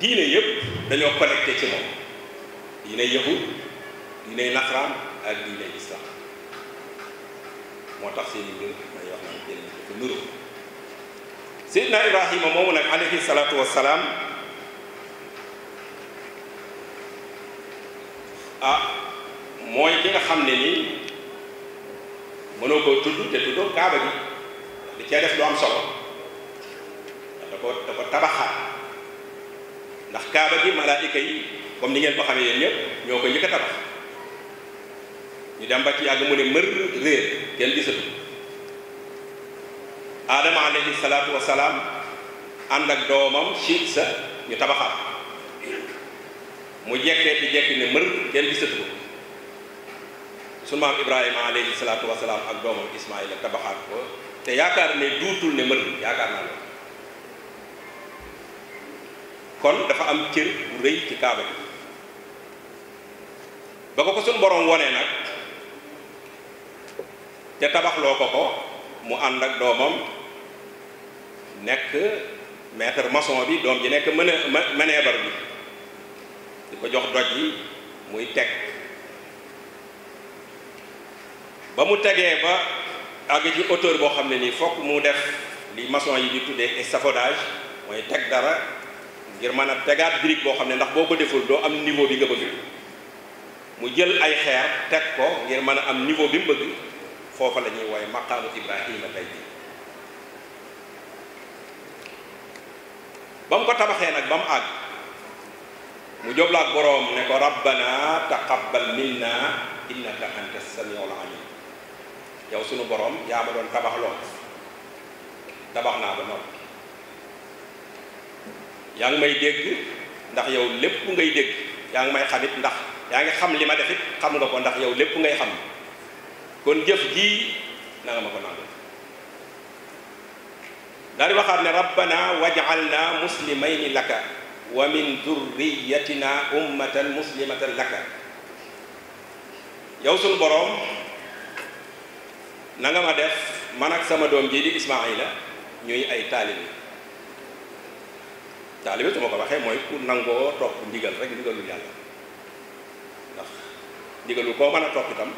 diine yépp dañoo connecté ci moom diine yahud diine nasaraan ak diine islam moo tax seen i mbir may wax naan benn dafa nuru Seydina Ibrahima moomu nag alayhi salaatu wassalaam ah mooy ki nga xam ne nii mënoo koo tudd te tuddoo kaaba gi li cee def lu am solo dafa dafa tabaxaat ndax kaaba bi malaayika yi comme ni ngeen ko xamee yéen ñëpp ñoo ko njëkk a tabax ñu dem ba ci yàgg mu ne mër réer kenn gisatu aadama alayhi salaatu wa salaam ànd ak doomam siit sa ñu tabaxaat mu jekkee ci jekk ne mër kenn gisatu ko sunu maam ibrahima alayhi salaatu wa salaam ak doomam ismaila tabaxaat ko te yaakaar ne duutul ne mër yaakaar naa loolu kon dafa am cër bu rëy ci kaaba bi ba ko ko suñ boroom wonee nag te tabaxloo ko ko mu ànd ak doomam nekk maître mason bi doom ji nekk më manœuvre bi di ko jox doj yi muy teg ba mu tegee ba àgg ci hauteur boo xam ne nii fokk mu def li mason yi di tuddee estafodage mooy teg dara ngir mën a tegaat brique boo xam ne ndax boo ko deful doo am niveau bi nga bëgg mu jël ay xeer teg ko ngir mën a am niveau bi mu bëgg foofa la ñuy wooye maqaamu Ibrahima tey jii ba mu ko tabaxee nag ba mu àgg mu joblaak boroom ne ko rabbana taqabbal minna innaka anta samiul alim yow sunu boroom yaa ma doon tabax lool tabax naa ba noppi yaa ngi may dégg ndax yow lépp ngay dégg yaa ngi may xamit ndax yaa ngi xam li ma defit xam nga ko ndax yow lépp ngay xam kon jëf jii na nga ma ko nangu daal di waxaat ne rabbana waj'alna muslimayni laka wa min durriyatina ummatan muslimatan laka yow suñu boroom na nga ma def man ak sama doom jii di Ismaila ñuy ay taalib taalibe su ma ko waxee mooy ku nangoo topp ndigal rek ndigalul yàlla ndax ndigalul koo mën a topp itam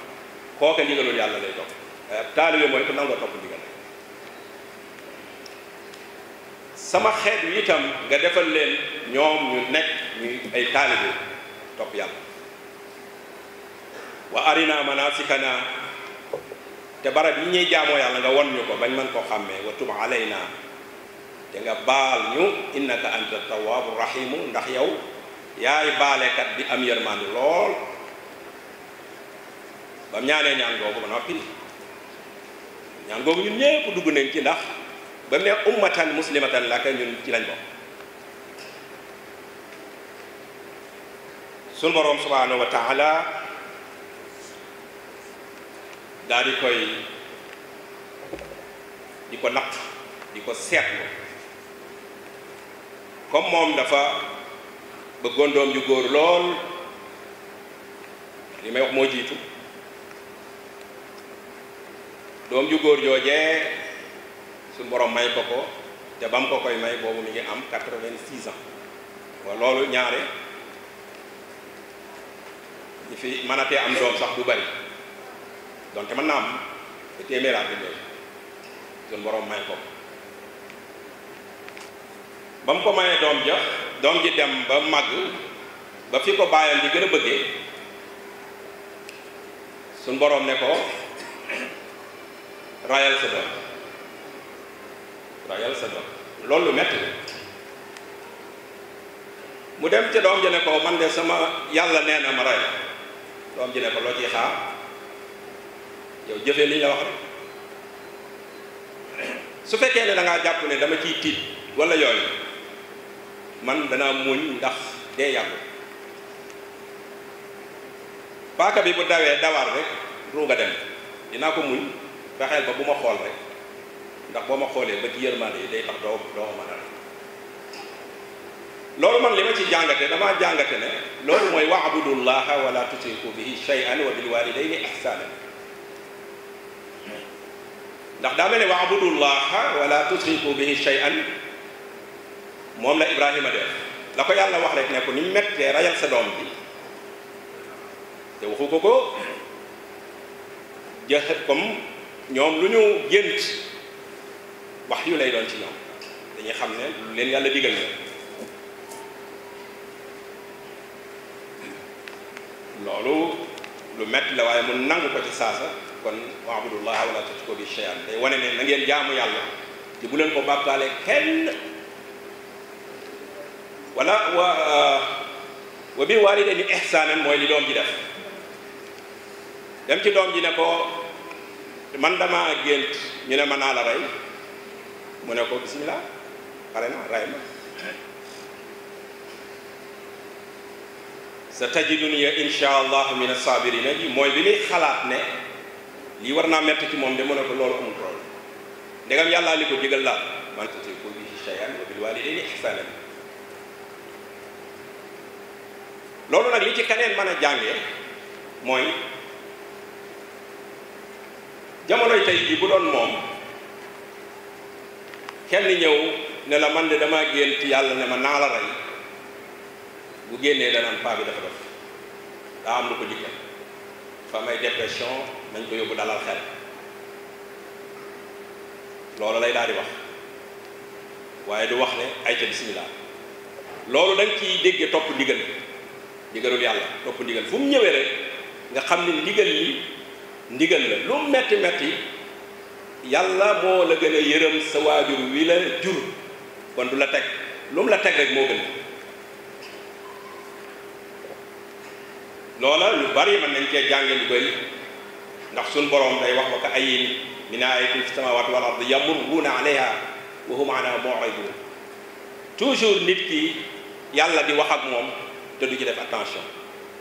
kooke ndigalul yàlla lay topp eh, taalibe mooy ku nangoo topp ndigal sama xeet wi itam nga defal leen ñoom ñu nekk ñu ay taalibe topp yàlla wa arina manasikana te barab yi ñuy jaamoo yàlla nga won ñu ko bañ mën koo xàmmee wa tub alayna te nga baal ñu innaka anta tawaabu rahimu ndax yow yaay baalekat bi am yërmaande lool bam ñaanee ñaan googu ba noppi ñaan googu ñun ñépp dugg nañ ci ndax ba mu ne ummatan muslimatan laka ci lañ bokk suñ boroom subhaanahu koy di ko naq di ko seetlu comme moom dafa bëggoon doom ju góor lool li may wax moo jiitu doom ju góor joojee su borom may ko ko te bam ko koy may boobu mi ngi am quatre-vingt-six ans wa loolu ñaare ñi fi mënatee am doom sax du bari donte mën naa am téeméeraat bi yooyu suñu borom may ko ko ba mu ko mayee doom ja doom ji dem ba màgg ba fi ko bàyyam di gën a bëggee suñ boroom ne ko rayal sa doom rayal sa doom loolu lu mu dem ca doom ji ne ko man de sama yàlla nee na ma ray doom ji ne ko loo ciy xaar yow jëfee li ñu wax su fekkee ne dangaa ngaa jàpp ne dama ciy tiit wala yooyu man danaa muñ ndax dee yàggu paaka bi bu dawee dawaar rek ruuga dem dinaa ko muñ fexeel ba bu ma xool rek ndax boo ma xoolee ba ci yërmande yi day tax doo doo ma dara loolu man li ma ci jàngate damaa jàngate ne loolu mooy waabudullaha wala tusriku bihi shay'an wa bil walidayni ihsanan ndax daa mel ne waabudullaha wala tusriku bihi shay'an moom la Ibrahima def la ko yàlla wax rek ne ko ni mu mettee rayal sa doom bi te waxu ko ko jë comme ñoom lu ñu gént wax yu lay doon ci ñoom dañuy xam ne leen yàlla digal la loolu lu metti la waaye mu nangu ko ci saasa kon waabudullaha wala tusriku bi shay'an day wane ne na ngeen jaamu yàlla te bu leen ko bàkkaale kenn wala wa uh, wa bil waalidayni ihsaanan mooy li doom ji def dem ci doom ji ne ko man dama gént ñu ne ma naa la rey mu ne ko bismillah pare na rey ma sa tajiduni insha allah min asabirina bi mooy bi muy xalaat ne lii war naa metti moom de mu ne ko loolu amul problème ndegam yàllaa li ko digal laa man tutiku bihi shay'an wa bil walidayni ihsaanan loolu nag li ci keneen mën a jànge mooy jamonoy tey jii bu doon moom kenn ñëw ne la man de damaa génn ci yàlla ne ma naala la rey bu génnee danaan paa dafa dof daa am lu ko jikkal fa may dépression nañ ko yóbbu dalal xel loolu lay daal di wax waaye du wax ne ayca bismillah loolu da nga ciy dégge topp ndigal ndigalul yàlla topp ndigal fu mu ñëwee rek nga xam ni ndigal li ndigal la lu metti metti yàlla moo la gën a yërëm sa waajur wi la jur kon du la teg lu mu la teg rek moo gën loola lu bari mën nañ kee jànge lu bari ndax suñ borom day wax ko ka ayyin min aayatin fi samaawaati wal ardi yamurruuna alayha wa hum anhaa mu'riduun toujours nit ki yàlla di wax ak moom te du ci def attention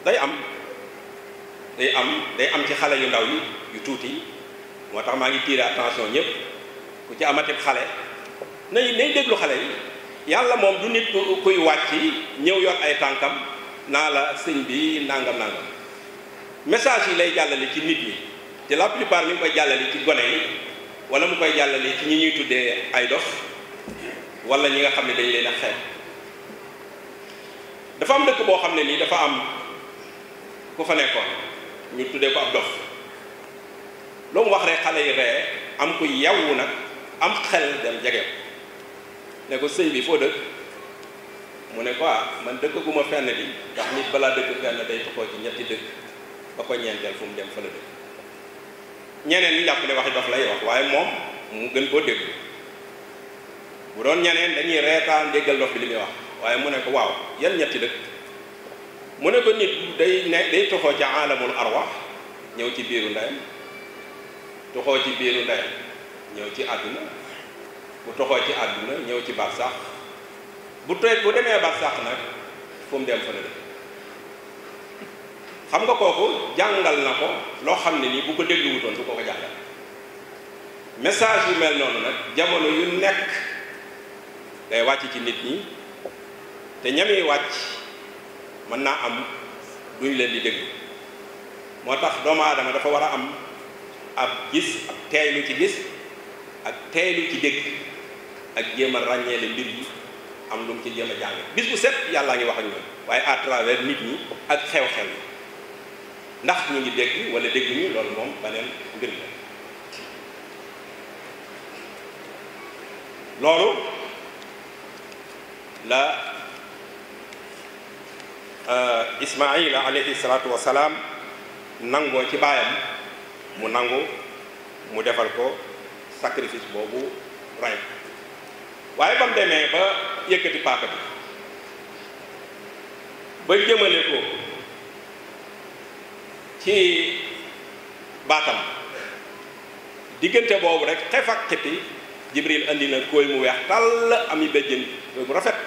day am day am day am ci xale yu ndaw yi yu tuuti moo tax maa ngi tiire attention ñëpp ku ci amatib xale nañ nañ déglu xale yi yàlla moom du nit kuy wàcc ñëw yor ay tànkam naa la sëñ bi nangam nangam message yi lay jàllale ci nit yi te la plupart mi koy jàllale ci gone yi wala mu koy jàllale ci ñu ñuy tuddee ay dof walla ñi nga xam ne dañ leen a xeeb dafa am dëkk boo xam ne nii dafa am ku fa nekkoon ñu tuddee ko ab dof loo mu wax rek xale yi ree am ku yawwu nag am xel dem jege ko ne ko sëñ bi foo dëkk mu ne ko ah, man dëkk gu ma fenn di ndax nit balaa dëkk fenn day tuxoo ci ñetti dëkk ba ko ñeenteel fu mu dem fa la ñeneen ñi jàpp ne waxi dof lay wax waaye moom mu gën koo déglu bu doon ñeneen dañuy reetaan déggal dof bi li muy wax waaye mu ne ko waaw yan ñetti dëkk mu ne ko nit day nekk day toxoo ca aalamul arwax ñëw ci biiru ndeyam toxoo ci biiru ndeyam ñëw ci àdduna bu toxoo ci àdduna ñëw ci barsax bu tooy bu demee barsax nag fu mu dem fa ne dëkk xam nga kooku jàngal na ko loo xam ne nii bu ko dégluwutoon du ko ko jàngal message yu mel noonu nag jamono yu nekk day wàcc ci nit ñi te ñami wàcc mën naa am duñ leen di déglu moo tax doomu aadama dafa war a am ab gis ab teeylu ci gis ak teeylu ci dégg ak jéem a ràññeele mbir yi am lu mu ci jéem a jàng bis bu set yàllaa ngi wax ak ñoom waaye à travers nit ñi ak xew-xew yi ndax ñu ngi dégg wala dégg ñu loolu moom beneen mbir la loolu la Euh, ismail alayhi salaatu wasalaam nangoo ci baayam mu nangu mu defal ko sacrifice boobu ray waaye ba mu demee ba yëkkati paaka bi ba jëmale ko ci baatam diggante boobu rek xef ak xippi jibril andi na kooy mu weex tàll ami béjjën bu rafet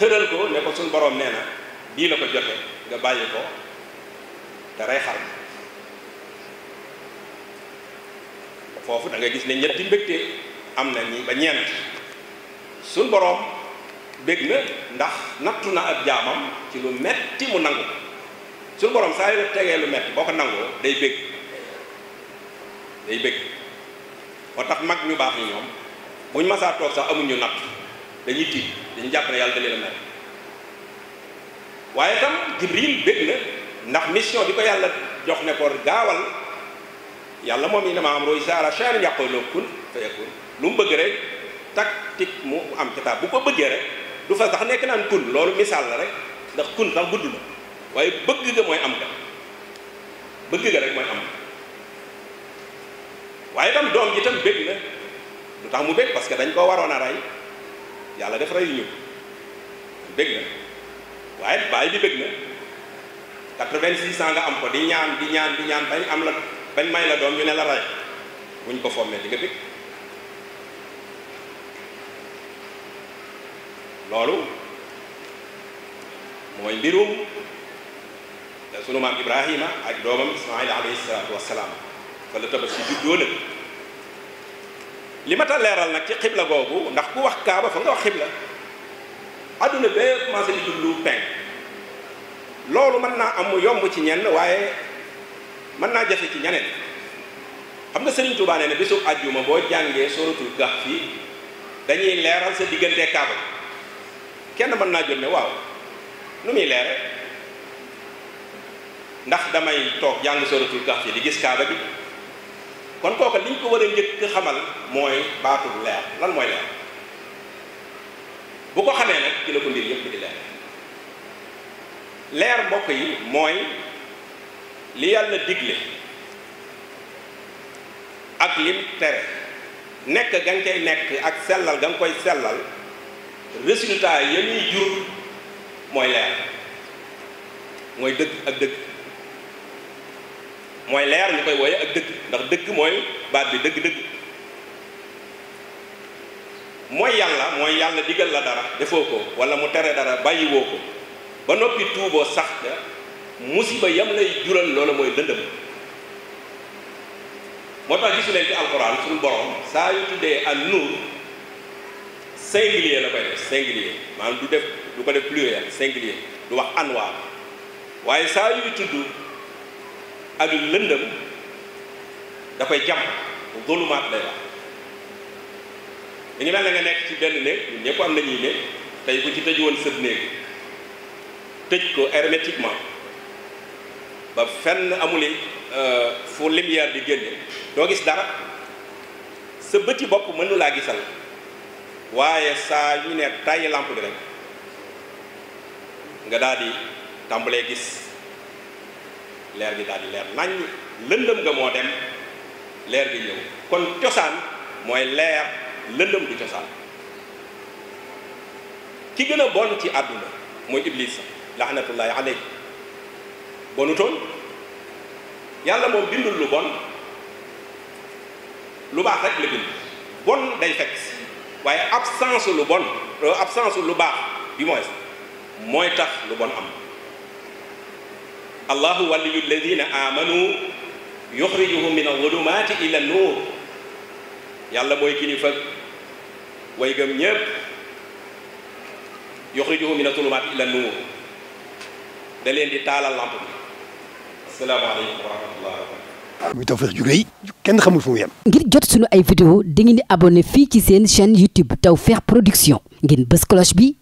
tëral ko ne ko suñ boroom nee na bii la ko jote nga bàyyi ko te rey xar foofu da gis ne ñetti mbégte am na ñi ba ñeent suñ boroom bég na ndax nattu na ak jaamam ci lu metti mu nangu suñ boroom saa yu tegee lu metti boo ko nangoo day bég day bég moo tax mag ñu baax ni ñoom buñ masaa toog sax amuñu natt dañuy tiit dañu jàpp ne yàlla da leen a mer waaye tam jibril bég na ndax mission bi ko yàlla jox ne ko gaawal yàlla moom i dama am roy sara charin yàqoyloo kun fa yakun lu mu bëgg rek tactique mu am ci bu ko bëggee rek du fa sax nekk naan kun loolu misaal la rek ndax kun sax gudd la waaye bëgg ga mooy am ga bëgg ga rek mooy am waaye tam doom ji tam bég na lu tax mu bég parce que dañ koo waroon a rey yàlla def reyuñu bëgg na waaye bàyyi bi bëgg na quatre-vingt-six ans nga am ko di ñaan di ñaan di ñaan bañ am la bañ may la doom ñu ne la rey buñ ko fommee di nga bëgg loolu mooy mbirum sunu maam Ibrahima ak doomam Ismaayil alayhi salaatu wassalaam fa la tabaski juddoo nag li ma ta leeral nag ci xibla googu ndax ku wax kaaba fa nga wax xibla adduna bee commencé di jublu penk loolu mën naa am yomb ci ñenn waaye mën naa jafe ci ñeneen xam nga Serigne Touba nee na bisu àjjuma boo jàngee suratul Kahf fii dañuy leeral sa diggante kaaba kenn mën naa jot ne waaw nu muy leere ndax damay toog jàng suratul Kahf fii di gis kaaba bi kon kooka liñ ko war a njëkk xamal mooy baatul leer lan mooy leer bu ko xamee nag ci la ko mbir yëpp di leer leer mbokk yi mooy li yàlla digle ak lim tere nekk ga nga koy nekk ak sellal ga nga koy sellal résultat ya muy jur mooy leer mooy dëgg ak dëgg mooy leer ñu koy wooye ak dëgg ndax dëgg mooy baat bi dëgg-dëgg mooy yàlla mooy yàlla digal la dara defoo ko wala mu tere dara bàyyiwoo ko ba noppi tuuboo sax ga musiba yam lay jural loola mooy lëndëm moo tax gisu leen ci alxuraan suñu borom saa yu tuddee an nuur singulier la koy def singulier maanaam du def du ko def pluriel singulier du wax anwaar waaye saa yuy tudd ak lëndëm da koy jàmm zulumaat lay wax dañu mel ne nga nekk ci benn néeg ñun ñëpp am nañuy néeg tey bu ci tëj woon sët néeg tëj ko hermétiquement ba fenn amul euh, fu lumière di génne doo gis dara sa bëti bopp mënu laa gisal waaye saa yu ne tàyyi lamp bi rek nga daal di tàmbalee gis leer gi daal di leer nañ lëndëm ga moo dem leer gi ñëw kon cosaan mooy leer lëndëm du cosaan ki gën a bon ci àdduna mooy iblis laxnatullaahi aleyhi bonutoon yàlla moom bindul lu bon lu baax rek la bind bon day fekk waaye absence lu bon euh, absence lu baax bi mooy mooy tax lu bon am allahu waliyu alladina amanu yuxrijuhum min alzulumaati ila nuur yàlla mooy kilifa way gëm ñépp yuxrijuhum min alzulumaati ila nuur da ngir jot sunu ay vidéo dangeen di abonné fii ci seen chaîne YouTube Tawfekh Production ngeen bës cloche bi